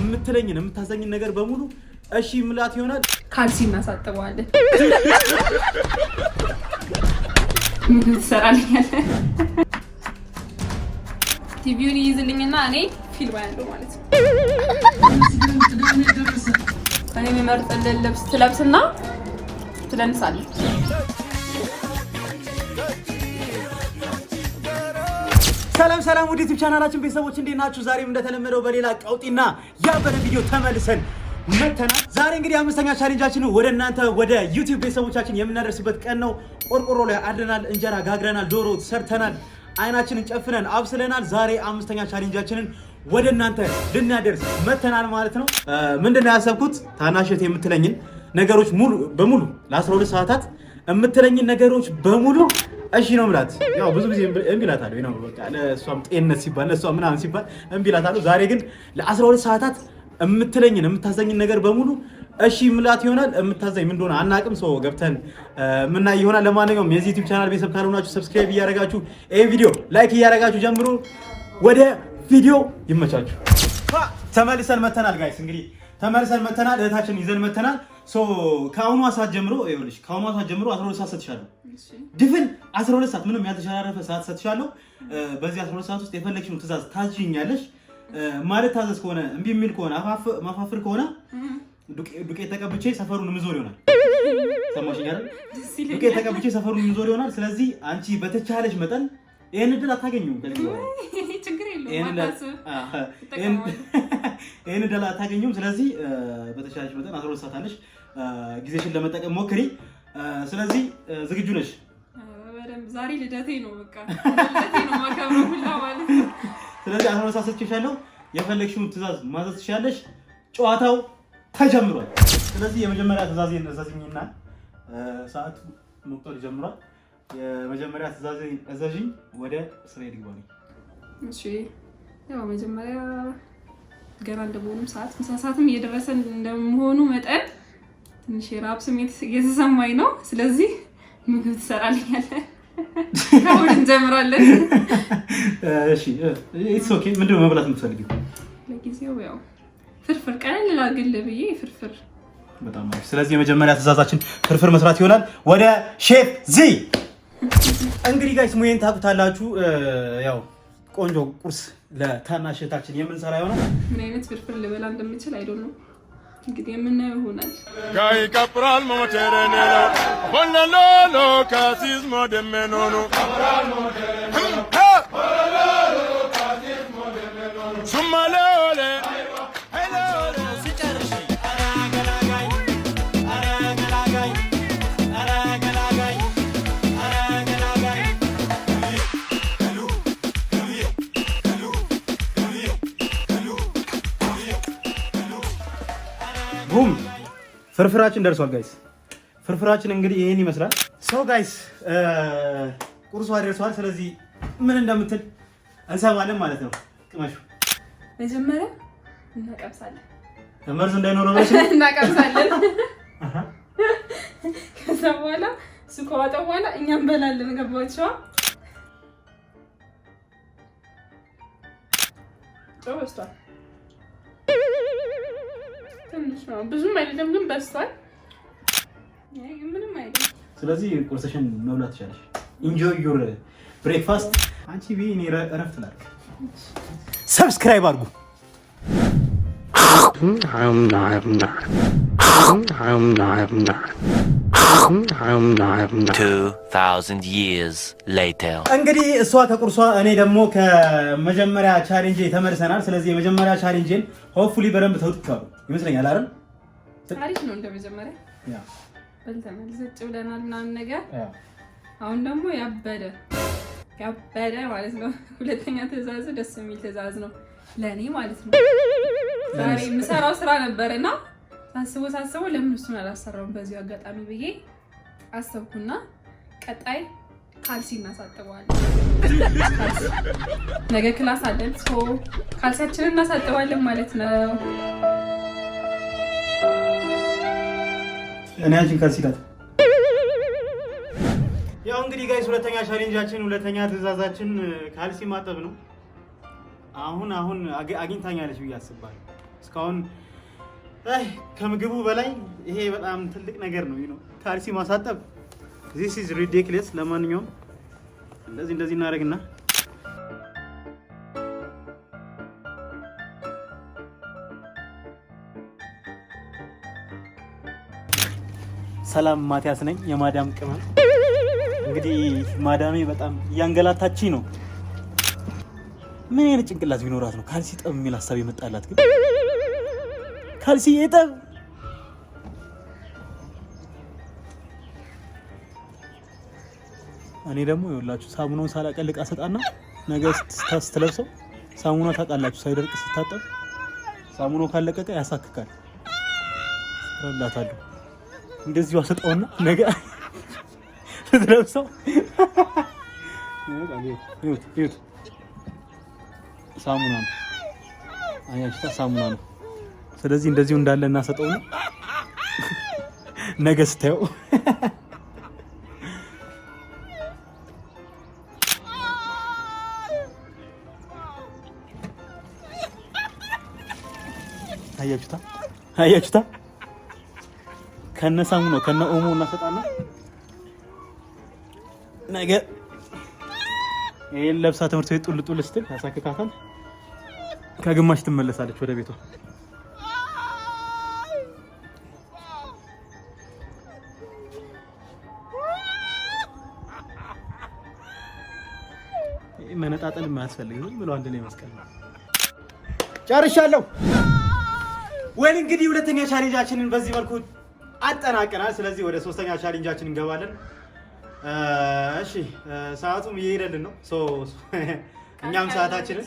የምትለኝን የምታዘኝን ነገር በሙሉ እሺ ምላት ይሆናል። ካልሲ እናሳጥበዋለን። ምግብ ትሰራልኛለህ። ቲቪውን ይይዝልኝና እኔ ፊልም ያለው ማለት ነው። እኔ ልብስ ትለብስና ትደንሳለች። ሰላም ሰላም ወደ ዩቲዩብ ቻናላችን ቤተሰቦች እንዴት ናችሁ? ዛሬም እንደተለመደው በሌላ ቀውጢና ያበረ ቪዲዮ ተመልሰን መተናል። ዛሬ እንግዲህ አምስተኛ ቻሌንጃችን ወደ እናንተ ወደ ዩቲዩብ ቤተሰቦቻችን የምናደርስበት ቀን ነው። ቆርቆሮ ላይ አድረናል፣ እንጀራ ጋግረናል፣ ዶሮ ሰርተናል፣ አይናችንን ጨፍነን አብስለናል። ዛሬ አምስተኛ ቻሌንጃችንን ወደ እናንተ ልናደርስ መተናል ማለት ነው። ምንድን ነው ያሰብኩት? ታናሸት የምትለኝን ነገሮች ሙሉ በሙሉ ለ12 ሰዓታት የምትለኝን ነገሮች በሙሉ እሺ ነው ምላት። ያው ብዙ ጊዜ እምቢ እላታለሁ። ይሄ ነው በቃ ለእሷም ጤንነት ሲባል ለእሷም ምናምን ሲባል እምቢ እላታለሁ። ዛሬ ግን ለ12 ሰዓታት የምትለኝን የምታዘኝን ነገር በሙሉ እሺ ምላት ይሆናል። የምታዘኝ ምን እንደሆነ አናቅም። ሰው ገብተን ምናይ ይሆናል። ለማንኛውም የዚህ ዩቲዩብ ቻናል ቤተሰብ ካልሆናችሁ ሰብስክራይብ እያደረጋችሁ ይሄ ቪዲዮ ላይክ እያደረጋችሁ ጀምሮ ወደ ቪዲዮ ይመቻችሁ። ተመልሰን መተናል ጋይስ፣ እንግዲህ ተመልሰን መተናል። እህታችን ይዘን መተናል። ከአሁኗ ሰዓት ጀምሮ ይኸውልሽ፣ ከአሁኗ ሰዓት ጀምሮ 12 ሰዓት ሰጥሻለሁ። ድፍን 12 ሰዓት ምንም ያልተሸራረፈ ሰዓት ሰጥሻለሁ። በዚህ 12 ሰዓት ውስጥ የፈለግሽውን ትእዛዝ ታዝዥኛለሽ። ማለት ታዘዝ ከሆነ እምቢ የሚል ከሆነ ማፋፍር ከሆነ ዱቄት ተቀብቼ ሰፈሩን ምዞር ይሆናል። ሰማሽኝ ዱቄት ተቀብቼ ሰፈሩን ምዞር ይሆናል። ስለዚህ አንቺ በተቻለሽ መጠን ይሄን እድል አታገኙም። ከዚህ ችግር የለውም። ይሄን እድል አታገኙም። ስለዚህ በተሻለሽ መጠን 12 ሰዓት አለሽ፣ ጊዜሽን ለመጠቀም ሞክሪ። ስለዚህ ዝግጁ ነሽ? ዛሬ ልደቴ ነው፣ በቃ ልደቴ ነው ማከብረው ሁላ ማለት ነው። ስለዚህ 12 ሰዓት ሰጥቼሻለሁ። የፈለግሽውን ትዕዛዝ ማዘዝ ትችያለሽ። ጨዋታው ተጀምሯል። ስለዚህ የመጀመሪያ ትዕዛዝ የነዛዝኝና ሰዓቱ መቁጠር ጀምሯል። የመጀመሪያ እዘዥኝ ወደ እስራኤል ግባ እሺ ያው መጀመሪያ ገና እንደመሆኑም ሰዓት ምሳ ሰዓትም እየደረሰ እንደመሆኑ መጠን ትንሽ የረሀብ ስሜት እየተሰማኝ ነው። ስለዚህ ምግብ ትሰራልኛለህ? ከሁን እንጀምራለን። ኢትስ ኦኬ። ምንድን ነው መብላት የምትፈልጊው? ለጊዜው ያው ፍርፍር ቀለል ላግል ብዬ ፍርፍር። በጣም አሪፍ። ስለዚህ የመጀመሪያ ትዕዛዛችን ፍርፍር መስራት ይሆናል። ወደ ሼፍ ዚ እንግዲህ ጋይስ ሙዬን ታውቁታላችሁ። ያው ቆንጆ ቁርስ ለታናሽ እህታችን የምንሰራ ይሆናል። ምን አይነት ፍርፍር ልበላ እንደምችል አይዶን ነው እንግዲህ የምናየው ይሆናል። ጋይ ካፕራል ሞቴሬኔ ነው ቦለሎሎ ካሲዝ ሞደሜኖኑ ቡም ፍርፍራችን ደርሷል ጋይስ። ፍርፍራችን እንግዲህ ይሄን ይመስላል። ሰው ጋይስ ቁርሷ ደርሷል። ስለዚህ ምን እንደምትል እንሰማለን ማለት ነው። ቅመሹ መጀመሪያ እናቀምሳለን። መርዝ እንዳይኖረው ነው እናቀምሳለን። ከዛ በኋላ እሱ ከዋጠ በኋላ እኛ እንበላለን። ገባችኋ? ጨው በዝቷል። ትንሽ ነው፣ ብዙም አይደለም ግን በስቷል። ስለዚህ ቁርስሽን መብላት ትችላለሽ። ኢንጆይ ዩር ብሬክፋስት። አንቺ ቢ እኔ እረፍት ላድርግ። ሰብስክራይብ አድርጉ። እንግዲህ እሷ ከቁርሷ እኔ ደግሞ ከመጀመሪያ ቻሌንጅ ተመልሰናል። ስለዚህ የመጀመሪያ ቻሌንጅን ሆፕፉሊ በደንብ ተውጥቻለሁ። ይመስለኛል አይደል? አሪፍ ነው። እንደመጀመሪያ በልተናል፣ ዘጭ ብለናል ምናምን ነገር። አሁን ደግሞ ያበደ ያበደ ማለት ነው። ሁለተኛ ትዕዛዝ ደስ የሚል ትዕዛዝ ነው ለእኔ ማለት ነው። ዛሬ የምሰራው ስራ ነበር እና ሳስቦ ሳስቦ ለምን እሱን አላሰራውም በዚሁ አጋጣሚ ብዬ አሰብኩና ቀጣይ ካልሲ እናሳጥበዋለን። ነገ ክላስ አለን፣ ካልሲያችንን እናሳጥባለን ማለት ነው። እኔ አንቺን ከሲዳት ያው እንግዲህ ጋይስ ሁለተኛ ቻሌንጃችን ሁለተኛ ትዕዛዛችን ካልሲ ማጠብ ነው። አሁን አሁን አግኝታኛለች ብዬ አስባለሁ። እስካሁን ከምግቡ በላይ ይሄ በጣም ትልቅ ነገር ነው ነው ካልሲ ማሳጠብ ዚስ ኢዝ ሪዲክለስ። ለማንኛውም እንደዚህ እንደዚህ እናደርግና ሰላም ማቲያስ ነኝ፣ የማዳም ቅመም። እንግዲህ ማዳሜ በጣም እያንገላታች ነው። ምን አይነት ጭንቅላት ቢኖራት ነው ካልሲ ጠብ የሚል ሀሳብ የመጣላት? ግን ካልሲ ጠብ እኔ ደግሞ ይኸውላችሁ ሳሙናውን ሳላቀልቅ አሰጣና ነገ ስትለብሰው ሳሙና ታውቃላችሁ፣ ሳይደርቅ ስታጠብ ሳሙናው ካለቀቀ ያሳክካል። ረዳታለሁ እንደዚሁ አሰጠውና ነገ ስትለብሰው ሳሙና ነው። አያሽታ ሳሙና ነው። ስለዚህ እንደዚሁ እንዳለ እናሰጠውና ነገ ስታየው አያችሁታ አያችሁታ ከነሳሙ ነው ከነ ኦሞ እናሰጣለን። ነገ ይሄን ለብሳ ትምህርት ቤት ጡል ጡል ስትል ያሳክካታል። ከግማሽ ትመለሳለች ወደ ቤቷ። መነጣጠል የማያስፈልግ ብሎ አንድ ላይ መስቀል ጨርሻለሁ። ወይን እንግዲህ ሁለተኛ ቻሌንጃችንን በዚህ መልኩ አጠናቀናል። ስለዚህ ወደ ሶስተኛ ቻሌንጃችን እንገባለን። እሺ ሰዓቱም እየሄደልን ነው። እኛም ሰዓታችንን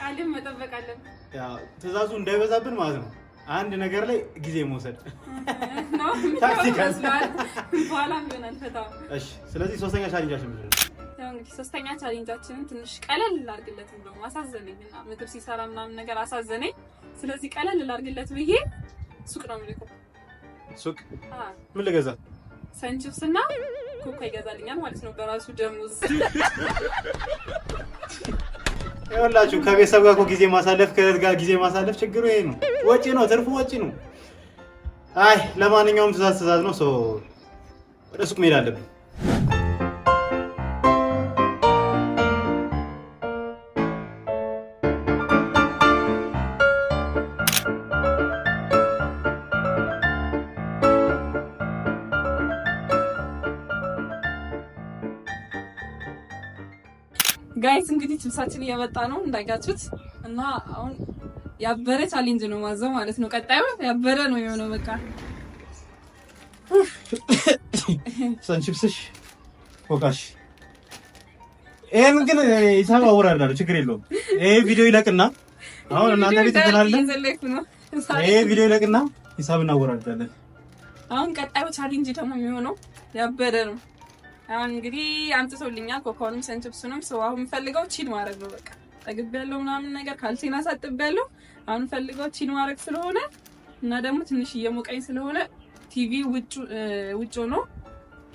ቃልም መጠበቃለን። ትእዛዙ እንዳይበዛብን ማለት ነው። አንድ ነገር ላይ ጊዜ መውሰድ ታክቲካል። ስለዚህ ሶስተኛ ቻሌንጃችን ምንድን ነው? እንግዲህ ሶስተኛ ቻሌንጃችንን ትንሽ ቀለል ላርግለት ብሎ አሳዘነኝ እና ምግብ ሲሰራ ምናምን ነገር አሳዘነኝ። ስለዚህ ቀለል ላርግለት ብዬ ሱቅ ነው የምልከው ሱቅ ምን ልገዛ? ሰንችብስ እና ኮካ ይገዛልኛል ማለት ነው በራሱ ደሞዝ። ይኸውላችሁ ከቤተሰብ ጋር ጊዜ ማሳለፍ ከእህት ጋር ጊዜ ማሳለፍ ችግሩ ይሄ ነው። ወጪ ነው፣ ትርፉ ወጪ ነው። አይ ለማንኛውም ትእዛዝ ትእዛዝ ነው። ወደ ሱቅ መሄድ አለብን። እንግዲህ ችብሳችን እየመጣ ነው እንዳያችሁት። እና አሁን ያበረ ቻሌንጅ ነው ማዘው ማለት ነው። ቀጣዩ ያበረ ነው የሆነው በቃ ሰንቺፕስሽ ፎካሽ ይሄን ግን ሂሳብ አወራርዳለሁ፣ ችግር የለውም። ይሄ ቪዲዮ ይለቅና አሁን እናንተ ቤት እንላለን። ይሄ ቪዲዮ ይለቅና ሂሳብ እናወራርዳለን። አሁን ቀጣዩ ቻሌንጅ ደግሞ የሚሆነው ያበረ ነው። አሁን እንግዲህ አምጥቶልኛል ኮኮንም ሰንችብሱንም ሰው አሁን ፈልገው ቺድ ማድረግ ነው በቃ ጠግብ ያለው ምናምን ነገር ካልሲና ሳጥብ ያለው አሁን ፈልገው ቺድ ማድረግ ስለሆነ እና ደግሞ ትንሽ እየሞቀኝ ስለሆነ ቲቪ ውጭ ሆኖ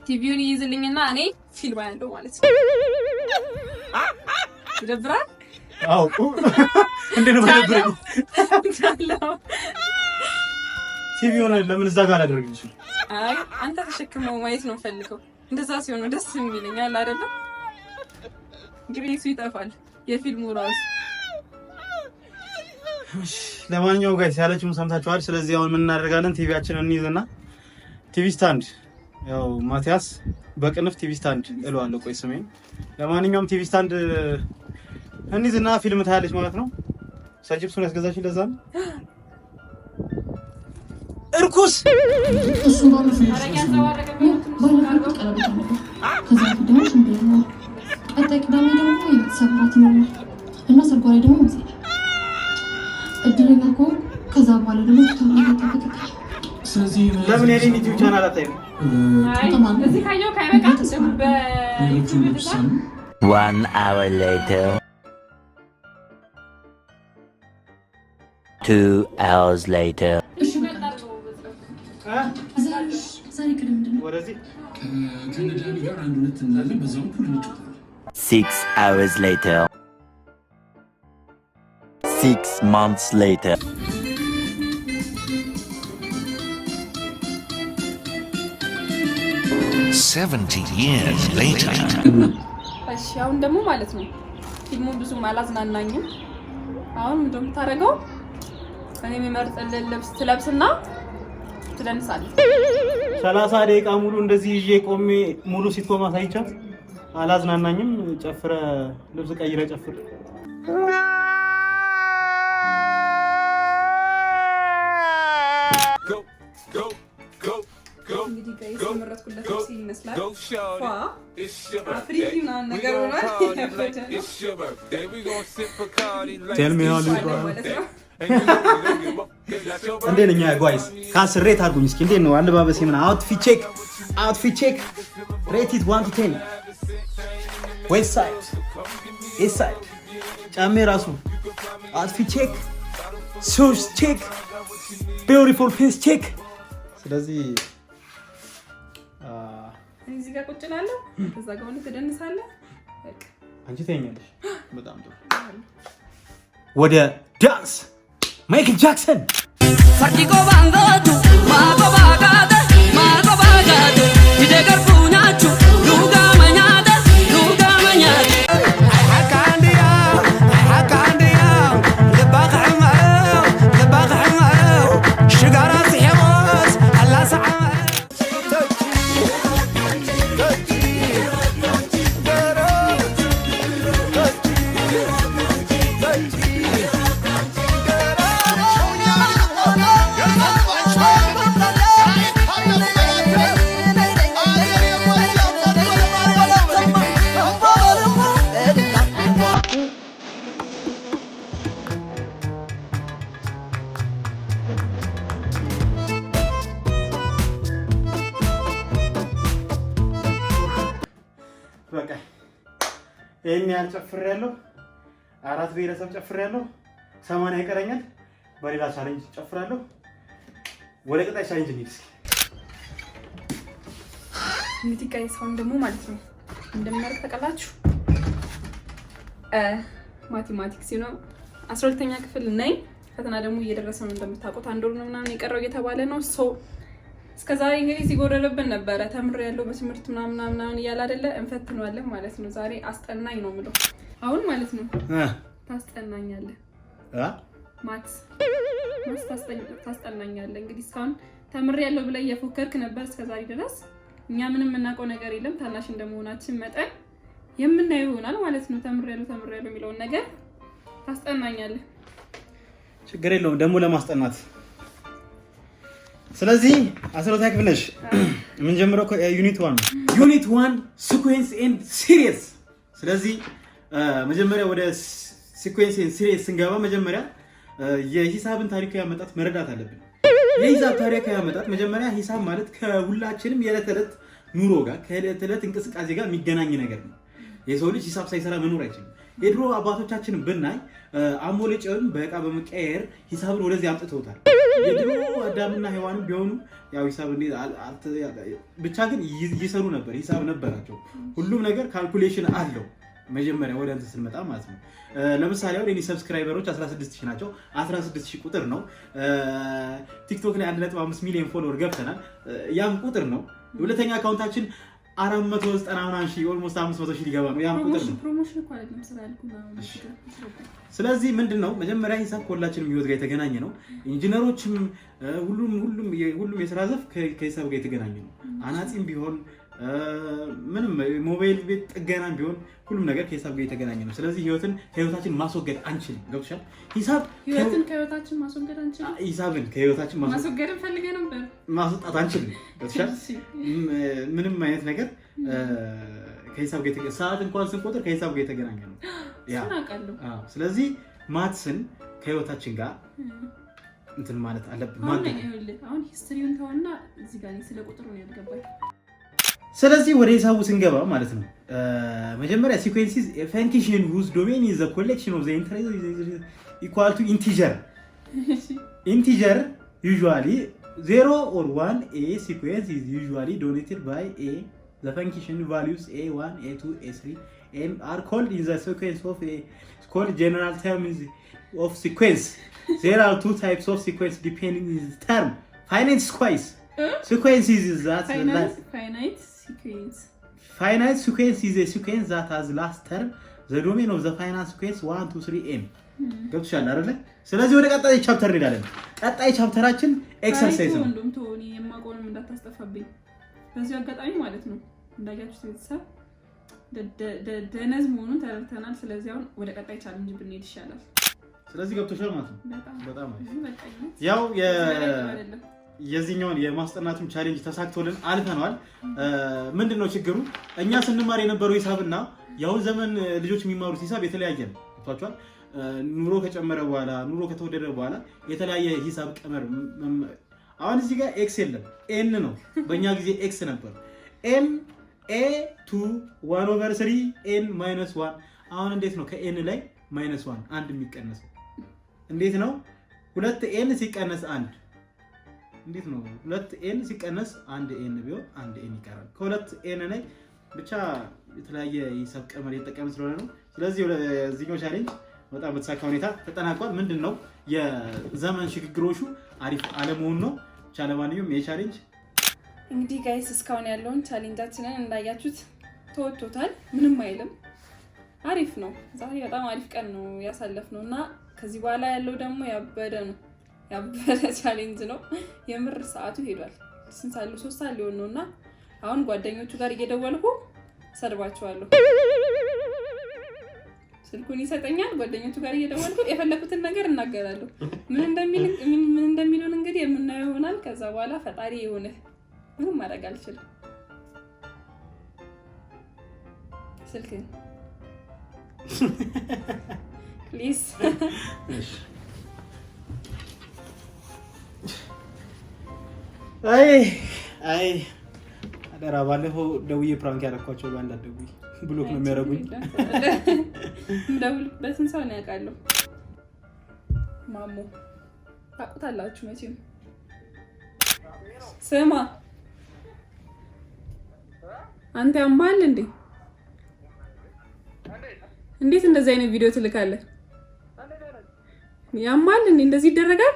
ቲቪውን ይይዝልኝና እኔ ፊልም ያለው ማለት ነው። ይደብራል። አዎ እንዴ ነው ይደብራል። ቲቪውን ለምን እዛ ጋር ይችላል? አይ አንተ ተሸክመው ማየት ነው ፈልገው እንደዛ ሲሆን ደስ የሚለኝ አለ አይደለም። ግሬሱ ይጠፋል የፊልሙ ራሱ። ለማንኛውም ጋይስ ያለችውን ሰምታችኋል። ስለዚህ አሁን ምን እናደርጋለን? ቲቪያችንን እንይዝና ቲቪ ስታንድ ያው ማቲያስ በቅንፍ ቲቪ ስታንድ እለዋለሁ። ቆይ ስሜን ለማንኛውም ቲቪ ስታንድ እንይዝና ፊልም ታያለች ማለት ነው። ሰጅብሱን ያስገዛችን ለዛ ነው እርኩስ ባለፈው ቀለብ ተመረ ከዛ ደግሞ ሽንግልና ነው። ቀጣይ ቅዳሜ ደግሞ የቤተሰብ ራት እና ሰርጓ ላይ ደግሞ ይመስላል። እድለኛ ከሆን ከዛ በኋላ ደግሞ ተጠብቅታል። ስለዚህ ለምን ያኔ ዩቲዩብ ቻናል አታይም? እዚህ ካየሁ ካይበቃ One hour later. Two hours later. Six hours later. Six months later. Seventy years later. እሺ አሁን ደግሞ ማለት ነው ፊልሙን ብዙም አላዝናናኝም። አሁን የምታደርገው እኔ የሚመርጥልን ልብስ ትለብስና ትደንሳለች። ሰላሳ ደቂቃ ሙሉ እንደዚህ ይዤ ቆሜ ሙሉ ሲትኮም አሳይቻት አላዝናናኝም። ጨፍረ ልብስ ቀይረ ጨፍር ይመስላል እንዴት ነኛ ጓይስ? ካንስር ሬት አድርጉኝ እስኪ። እንዴት ነው አለባበሴ? ምናምን አውትፊት ቼክ አውትፊት ቼክ ሬቲት ዋን ቱ ቴን ዌስት ሳይድ ኢስት ሳይድ ጫሜ ራሱ አውትፊት ቼክ ሱስ ቼክ ቢዩቲፉል ፌስ ቼክ። ስለዚህ እዚህ ጋር ቁጭ እላለሁ፣ እዛ ጋር ሆነህ ትደንሳለህ፣ አንቺ ትኛለሽ። በጣም ጥሩ ወደ ዳንስ ማይክል ጃክሰን ፈርዲጎ ባንጎቱ ማጎ ባጋደ ማጎ ባጋደ ይደገርኩ ጨፍሬ ያለው አራት ብሔረሰብ ያለው ሰማንያ ይቀረኛል። በሌላ ቻሌንጅ ጨፍራለሁ። ወደ ቀጣይ ቻሌንጅ እንሂድ እስኪ። እንግዲህ ቀይ ሰውን ደግሞ ማለት ነው እንደምናደርግ ተቀላችሁ ማቴማቲክስ ነው አስራ ሁለተኛ ክፍል ነኝ። ፈተና ደግሞ እየደረሰ ነው እንደምታውቁት፣ አንድ ወር ነው ምናምን የቀረው እየተባለ ነው እስከዛሬ እንግዲህ ሲጎደልብን ነበረ ተምር ያለው በትምህርት ምናምን ምናምን እያለ አይደለ ማለት ነው። ዛሬ አስጠናኝ ነው የምለው አሁን ማለት ነው። ታስጠናኛለህ ማት ታስጠናኛለህ። እንግዲህ እስካሁን ተምር ያለው ብለህ እየፎከርክ ነበር እስከዛሬ ድረስ። እኛ ምንም የምናውቀው ነገር የለም። ታናሽ እንደመሆናችን መጠን የምናየው ይሆናል ማለት ነው። ተምር ያለው ተምር ያለው የሚለውን ነገር ታስጠናኛለህ። ችግር የለውም ደግሞ ለማስጠናት ስለዚህ አስሮታ ክፍል ነሽ። የምንጀምረው ዩኒት ዋን ነው። ዩኒት ዋን ሲኩዌንስ ኤንድ ሲሪየስ። ስለዚህ መጀመሪያ ወደ ሲኩዌንስ ኤንድ ሲሪየስ ስንገባ መጀመሪያ የሂሳብን ታሪካዊ አመጣጥ መረዳት አለብን። የሂሳብ ታሪካዊ አመጣጥ መጀመሪያ ሂሳብ ማለት ከሁላችንም የዕለት ተዕለት ኑሮ ጋር ከዕለት እንቅስቃሴ ጋር የሚገናኝ ነገር ነው። የሰው ልጅ ሂሳብ ሳይሰራ መኖር አይችልም። የድሮ አባቶቻችን ብናይ አሞሌ ጨውን በቃ በመቀየር ሂሳብን ወደዚህ አምጥተውታል። የድሮ አዳምና ሔዋንም ቢሆኑ ያው ሂሳብ እንዴት ብቻ ግን ይሰሩ ነበር። ሂሳብ ነበራቸው። ሁሉም ነገር ካልኩሌሽን አለው። መጀመሪያ ወደ አንተ ስንመጣ ማለት ነው። ለምሳሌ አሁን የኔ ሰብስክራይበሮች 16 ሺህ ናቸው። 16 ሺህ ቁጥር ነው። ቲክቶክ ላይ 1.5 ሚሊዮን ፎሎወር ገብተናል። ያም ቁጥር ነው። ሁለተኛ አካውንታችን አራት መቶ ዘጠና ምናምን ሺህ ኦልሞስት አምስት መቶ ሺህ ሊገባ ነው። ያም ቁጥር ነው። ስለዚህ ምንድን ነው መጀመሪያ ሂሳብ ከሁላችንም ህይወት ጋር የተገናኘ ነው። ኢንጂነሮችም፣ ሁሉም ሁሉም የስራ ዘርፍ ከሂሳብ ጋር የተገናኘ ነው። አናጺም ቢሆን ምንም ሞባይል ቤት ጥገና ቢሆን ሁሉም ነገር ከሂሳብ ጋር የተገናኘ ነው። ስለዚህ ህይወትን ከህይወታችን ማስወገድ አንችልም። ገብቶሻል? ሂሳብ ህይወትን ከህይወታችን ማስወገድ አንችልም። ሂሳብን ከህይወታችን ማስወገድ ፈልገ ነበር ማስወጣት አንችልም። ገብቶሻል? ምንም አይነት ነገር ከሂሳብ ጋር የተገናኘ ሰዓት እንኳን ስንቆጥር ከሂሳብ ጋር የተገናኘ ነው። ስለዚህ ማትስን ከህይወታችን ጋር እንትን ማለት አለብን። አሁን ሂስትሪውን ተውና እዚህ ጋር ስለ ቁጥሩ ነው ያልገባኝ ስለዚህ ወደ ሂሳቡ ስንገባ ማለት ነው መጀመሪያ ሲኩዌንሲስ ፈንክሽን ሁዝ ዶሜን ዘ ኮሌክሽን ኦፍ ዘ ኢኳል ቱ ኢንቲጀር ኢንቲጀር ዩዥዋሊ ዜሮ ኦር ዋን ኤ ሲኩዌንስ ኢዝ ዩዥዋሊ ዶኔትድ ባይ ኤ ዘ ፈንክሽን ቫልዩስ ኤ ዋን ኤ ቱ ኤ ስሪ ኤም አር ኮልድ ኢን ዘ ሲኩዌንስ ኦፍ ኤ ኮልድ ጀነራል ተርምስ ኦፍ ሲኩዌንስ ዜር አር ቱ ታይፕስ ኦፍ ሲኩዌንስ ዲፔንዲንግ ኢዝ ተርም ፋይናይት ስኳይስ ሲኩዌንስ ኢዝ ዛት ፋይናይት ፋይናይት ሲኩዌንስ ኢዝ ሲኩዌንስ ዛት ሃዝ ላስት ተርም ዘ ዶሜን ኦፍ ዘ ፋይናንስ ሲኩዌንስ ዋን ቱ ስሪ ኤም ገብቶሻል አይደለ? ስለዚህ ወደ ቀጣይ ቻፕተር እንሄዳለን። ቀጣይ ቻፕተራችን ኤክሰርሳይዝ ነው። እንደውም ተሆኒ የማቆም እንዳታስጠፋብኝ በዚህ አጋጣሚ ማለት ነው። እንዳያችሁ ቤተሰብ ደነዝ መሆኑን ተረድተናል። ስለዚህ አሁን ወደ ቀጣይ ቻለንጅ ብንሄድ ይሻላል። ስለዚህ ገብቶሻል ማለት ነው። በጣም ያው የዚህኛውን የማስጠናቱን ቻሌንጅ ተሳክቶልን አልፈነዋል። ምንድን ነው ችግሩ? እኛ ስንማር የነበረው ሂሳብና የአሁን ዘመን ልጆች የሚማሩት ሂሳብ የተለያየ ነው። ገብቷቸዋል። ኑሮ ከጨመረ በኋላ ኑሮ ከተወደደ በኋላ የተለያየ ሂሳብ ቀመር አሁን እዚህ ጋር ኤክስ የለም ኤን ነው። በእኛ ጊዜ ኤክስ ነበር። ኤን ኤ ቱ ዋን ኦቨር ስሪ ኤን ማይነስ ዋን። አሁን እንዴት ነው ከኤን ላይ ማይነስ ዋን አንድ የሚቀነሰው? እንዴት ነው ሁለት ኤን ሲቀነስ አንድ እንዴት ነው ሁለት ኤን ሲቀነስ አንድ ኤን ቢሆን አንድ ኤን ይቀራል። ከሁለት ኤን ላይ ብቻ የተለያየ የሂሳብ ቀመር የተጠቀመ ስለሆነ ነው። ስለዚህ እዚህኛው ቻሌንጅ በጣም በተሳካ ሁኔታ ተጠናቋል። ምንድን ነው የዘመን ሽግግሮቹ አሪፍ አለመሆን ነው። ብቻ ለማንኛውም ይሄ ቻሌንጅ እንግዲህ ጋይስ እስካሁን ያለውን ቻሌንጃችንን እንዳያችሁት ተወጥቶታል። ምንም አይልም። አሪፍ ነው። ዛሬ በጣም አሪፍ ቀን ነው ነው እና ከዚህ በኋላ ያለው ደግሞ ያበደ ነው። ያበረ ቻሌንጅ ነው የምር። ሰዓቱ ሄዷል። ስንት ሳሉ ሶስት ሰዓት ሊሆን ነው እና አሁን ጓደኞቹ ጋር እየደወልኩ ሰርባቸዋለሁ። ስልኩን ይሰጠኛል። ጓደኞቹ ጋር እየደወልኩ የፈለኩትን ነገር እናገራለሁ። ምን እንደሚሉን እንግዲህ የምናየው ይሆናል። ከዛ በኋላ ፈጣሪ የሆነ ምንም ማድረግ አልችልም። ስልክን አይ አይ አደራ ባለፈው ደውዬ ፕራንክ ያደረኳቸው ጋር እንዳደጉኝ ብሎክ ነው የሚያደርጉኝ። ምደውልበትን ሰው ነው ያውቃለሁ። ማሞ ታውቁታላችሁ መቼም። ስማ አንተ ያማል እንዴ? እንዴት እንደዚህ አይነት ቪዲዮ ትልካለህ? ያማል እንዴ? እንደዚህ ይደረጋል?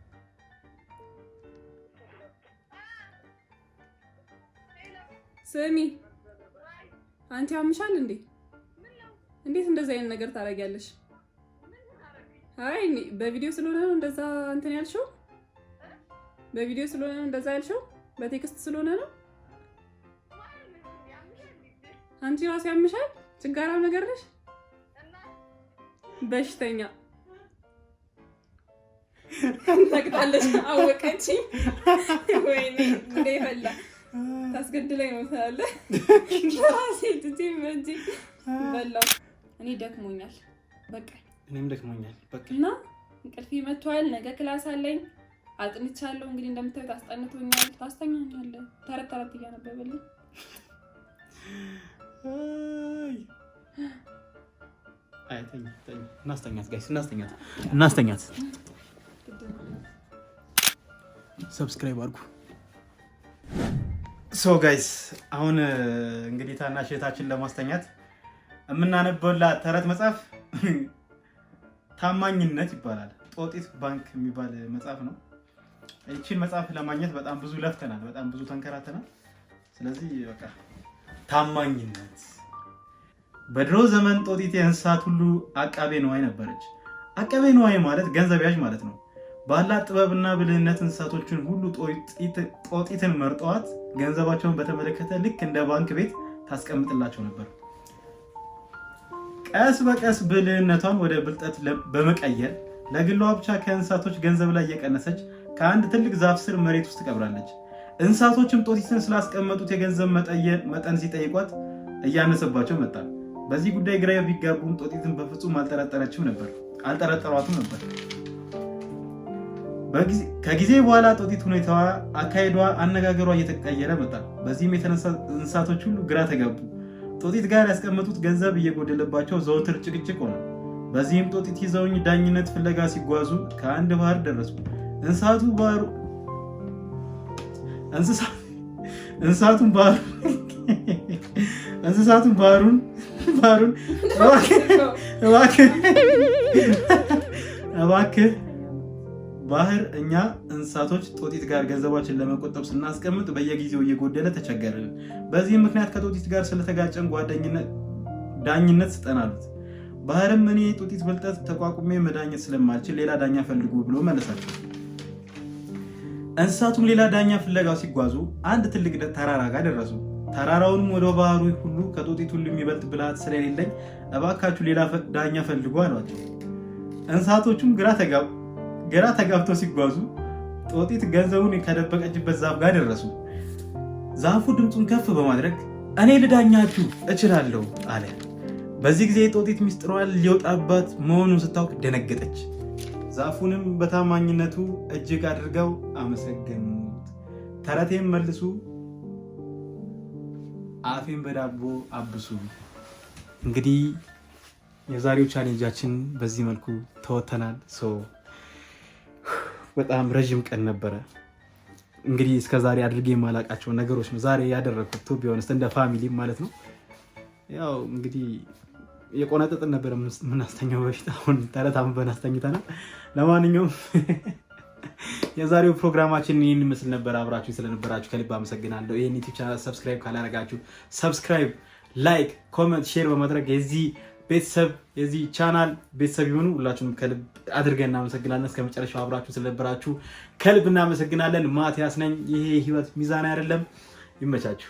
ስሚ አንቺ አምሻል እንዴ? እንዴት እንደዚህ አይነት ነገር ታደርጊያለሽ? አይ በቪዲዮ ስለሆነ ነው እንደዛ እንትን ያልሽው። በቪዲዮ ስለሆነ ነው እንደዛ ያልሽው። በቴክስት ስለሆነ ነው። አንቺ ራስ ያምሻል። ችጋራው ነገር ነሽ። በሽተኛ ተንጠቅጣለች። አወቀችኝ። ወይኔ እንደ ይፈላ አስገድላ ይመስላል። ሴት እንጂ በላው። እኔ ደክሞኛል፣ በቃ እኔም ደክሞኛል፣ በቃ እና እንቅልፌ መቷል። ነገ ክላስ አለኝ፣ አጥንቻለሁ። እንግዲህ እንደምታዩት አስጠንቶኛል። ታስተኛኛለህ? ተረት ተረት እያነበበልኝ እናስተኛት። ሰብስክራይብ አድርጉ። ሶ ጋይስ አሁን uh, እንግዲህ ታናሽ እህታችን ለማስተኛት የምናነበላ ተረት መጽሐፍ ታማኝነት ይባላል። ጦጢት ባንክ የሚባል መጽሐፍ ነው። ይችን መጽሐፍ ለማግኘት በጣም ብዙ ለፍተናል፣ በጣም ብዙ ተንከራተናል። ስለዚህ በቃ ታማኝነት። በድሮ ዘመን ጦጢት የእንስሳት ሁሉ አቃቤ ነዋይ ነበረች። አቃቤ ነዋይ ማለት ገንዘብ ያዥ ማለት ነው። ባላት ጥበብና ብልህነት እንስሳቶችን ሁሉ ጦጢትን መርጠዋት ገንዘባቸውን በተመለከተ ልክ እንደ ባንክ ቤት ታስቀምጥላቸው ነበር። ቀስ በቀስ ብልህነቷን ወደ ብልጠት በመቀየር ለግሏ ብቻ ከእንስሳቶች ገንዘብ ላይ እየቀነሰች ከአንድ ትልቅ ዛፍ ስር መሬት ውስጥ ትቀብራለች። እንስሳቶችም ጦጢትን ስላስቀመጡት የገንዘብ መጠን ሲጠይቋት እያነሰባቸው መጣ። በዚህ ጉዳይ ግራ ቢጋቡም ጦጢትን በፍጹም አልጠረጠረችም ነበር አልጠረጠሯትም ነበር። ከጊዜ በኋላ ጦጢት ሁኔታዋ፣ አካሄዷ፣ አነጋገሯ እየተቀየረ መጣ። በዚህም የተነሳ እንስሳቶች ሁሉ ግራ ተጋቡ። ጦጢት ጋር ያስቀመጡት ገንዘብ እየጎደለባቸው ዘወትር ጭቅጭቅ ሆነ። በዚህም ጦጢት ይዘውኝ ዳኝነት ፍለጋ ሲጓዙ ከአንድ ባህር ደረሱ። እንስሳቱ ባህሩ እንስሳቱን ባህሩ እንስሳቱን ባህሩን ባህሩን እባክህ እባክህ ባህር እኛ እንስሳቶች ጦጢት ጋር ገንዘባችን ለመቆጠብ ስናስቀምጥ በየጊዜው እየጎደለ ተቸገርን። በዚህም ምክንያት ከጦጢት ጋር ስለተጋጨን ጓደኝነት ዳኝነት ስጠን አሉት። ባህርም እኔ ጦጢት ብልጠት ተቋቁሜ መዳኘት ስለማልችል ሌላ ዳኛ ፈልጉ ብሎ መለሳቸው። እንስሳቱም ሌላ ዳኛ ፍለጋው ሲጓዙ አንድ ትልቅ ተራራ ጋር ደረሱ። ተራራውንም ወደ ባህሩ ሁሉ ከጦጢት ሁሉ የሚበልጥ ብልሃት ስለሌለኝ እባካችሁ ሌላ ዳኛ ፈልጉ አሏቸው። እንስሳቶቹም ግራ ተጋቡ። ግራ ተጋብተው ሲጓዙ ጦጢት ገንዘቡን ከደበቀችበት ዛፍ ጋር ደረሱ። ዛፉ ድምፁን ከፍ በማድረግ እኔ ልዳኛችሁ እችላለሁ አለ። በዚህ ጊዜ ጦጢት ሚስጥሯን ሊወጣባት መሆኑን ስታውቅ ደነገጠች። ዛፉንም በታማኝነቱ እጅግ አድርገው አመሰገኑት። ተረቴም መልሱ፣ አፌን በዳቦ አብሱ። እንግዲህ የዛሬው ቻሌንጃችን በዚህ መልኩ ተወተናል ሰው በጣም ረዥም ቀን ነበረ። እንግዲህ እስከዛሬ አድርጌ የማላቃቸው ነገሮች ነው ዛሬ ያደረግኩት። ቱ ቢሆንስ እንደ ፋሚሊ ማለት ነው። ያው እንግዲህ የቆነጠጥን ነበረ የምናስተኛው በፊት፣ አሁን ተረት በናስተኝተናል። ለማንኛውም የዛሬው ፕሮግራማችን ይህን ምስል ነበር። አብራችሁ ስለነበራችሁ ከልብ አመሰግናለሁ። ይህን ዩቲብ ቻናል ሰብስክራይብ ካላረጋችሁ ሰብስክራይብ፣ ላይክ፣ ኮመንት፣ ሼር በማድረግ የዚህ ቤተሰብ የዚህ ቻናል ቤተሰብ የሆኑ ሁላችሁንም ከልብ አድርገን እናመሰግናለን። እስከ መጨረሻው አብራችሁ ስለነበራችሁ ከልብ እናመሰግናለን። ማቲያስ ነኝ። ይሄ ህይወት ሚዛን አይደለም። ይመቻችሁ።